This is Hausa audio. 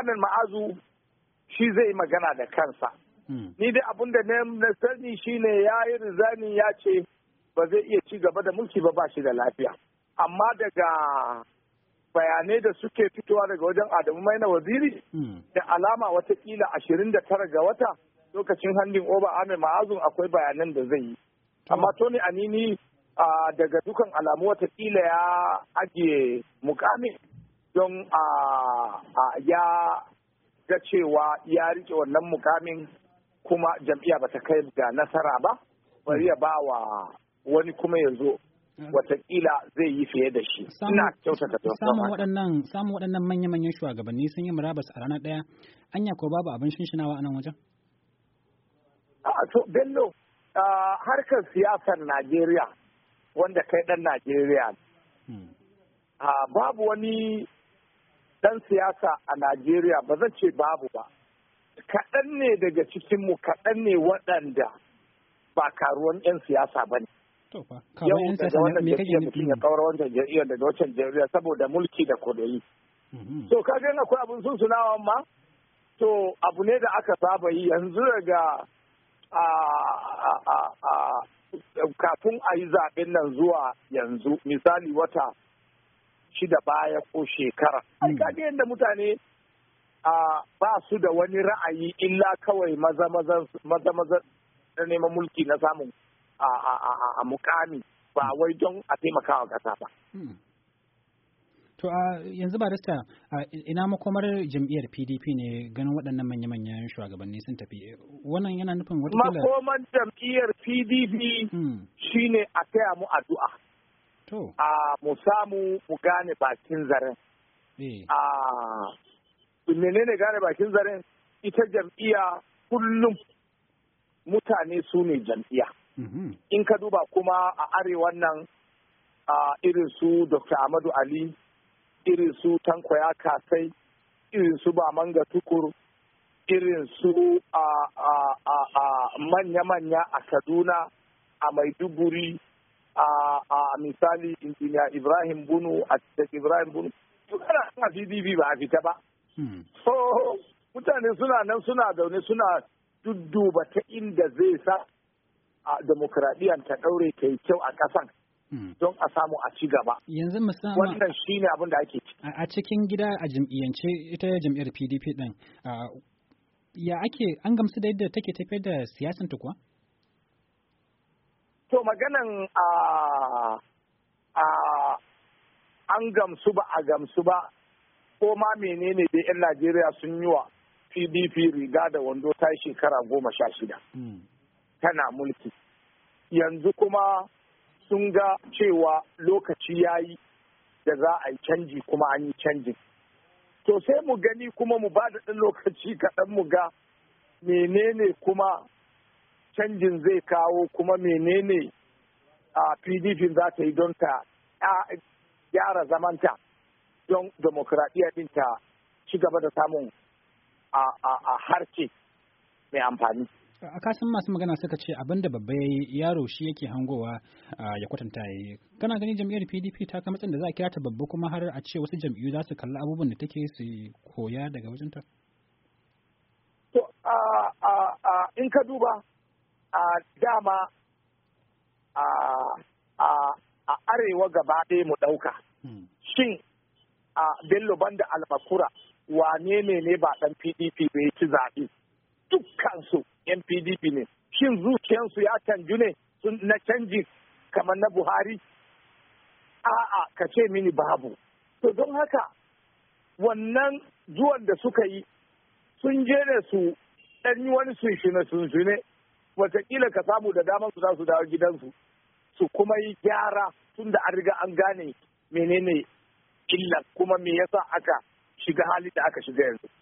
Ahmed Ma'azu shi zai yi magana da kansa. Hmm. Ni dai abin da na sani shi ne ya yi rizani ya ce ba zai iya ci gaba da mulki ba ba shi da lafiya. Amma daga bayanai da suke fitowa daga wajen Adamu Maina Waziri hmm. da alama watakila ashirin da tara ga wata lokacin handin oba Ahmed ma'azu akwai bayanan da zai yi. Amma hmm. Tony Anini daga dukan alamu watakila ya ajiye mukamin don a ya ga cewa ya rike wannan mukamin kuma jam'iyya ba ta kai da nasara ba bari ya ba wa wani kuma yanzu mm. watakila zai yi fiye da shi ina kyautata samun waɗannan samun waɗannan manya-manyan shugabanni sun yi murabas a ranar ɗaya anya ko babu abin shinshinawa a nan wajen to bello harkar siyasar najeriya wanda kai ɗan najeriya hmm. babu wani dan siyasa a Najeriya ba zan ce babu ba. Kaɗan ne daga cikinmu kaɗan ne waɗanda ba karuwan 'yan siyasa ba ne. Yau daga wannan jam'iyyar mutum ya kawar wancan jam'iyyar daga wancan jam'iyyar saboda mulki da kudayi. Mm-hmm. To ka ga akwai abin sun sunawa ma? To abu ne da aka saba yi yanzu daga kafin a yi zaɓen nan zuwa yanzu misali wata shida baya ko shekara. Ai hmm. yadda mutane a ba su da wani ra'ayi illa kawai maza maza na neman mulki na samun a mukami ba wai don a taimakawa kasa ba. Hmm. To a yanzu barista ina makomar jam'iyyar PDP ne ganin waɗannan manya-manyan shugabanni sun tafi wannan yana nufin wata Makomar jam'iyyar PDP hmm. shine a taya mu addu'a. a mu samu mu gane bakin zaren a menene gane bakin zaren ita jam'iya kullum mutane su ne jam'iyya mm-hmm. in ka duba kuma a are nan irin su dr amadu ali irin su tankwaya kasai irin su bamanga tukur irin su a manya-manya a kaduna a maiduguri a misali injiniya Ibrahim Bunu a Ibrahim Bunu suna a PDP ba a fita ba. Hmm. So mutane suna nan suna zaune suna dudduba ta inda zai sa a demokradiyyar ta ɗaure ta yi kyau a ƙasan. Hmm. Don a samu a ci gaba. Yanzu musamman. Wannan shi ne abin da ake ci. A cikin gida a jam'iyyance ita jam'iyyar PDP din ya ake an gamsu da yadda take tafiyar da siyasan ta kuwa? to maganan a an gamsu ba a gamsu ba ko ma menene da 'yan Najeriya sun yi wa PDP riga da wando ta shekara goma sha shida hmm. tana mulki yanzu kuma sun ga cewa lokaci ya yi da za a yi canji kuma an yi canjin to sai mu gani kuma mu ba da ɗan lokaci kaɗan mu ga menene kuma canjin zai kawo kuma menene a pdp za ta yi don ta gyara zamanta don demokradiyya din ta ci gaba da samun a harce mai amfani a kasan masu magana suka ce abinda babba ya yi yaro shi yake hangowa ya kwatanta ya yi kana ganin jam'iyyar pdp ta kama da za a kira ta babba kuma har a ce wasu jam'iyyu za su kalli abubuwan da take su koya daga wajenta? in ka duba a dama a arewa gaba ɗaya mu ɗauka hmm. shin a bello banda almakura wane ne ne ba ɗan pdp bai ci zaɓe dukkansu yan pdp ne shin zuciyansu ya canju ne na canji kamar na buhari a'a ka ce mini babu to don haka wannan zuwan da suka yi sun je da su ɗan yi wani sunshine sunshine wataƙila ka samu da damar su za su dawo gidansu su kuma yi gyara tun da an riga an gane menene illa kuma me yasa aka shiga hali da aka shiga yanzu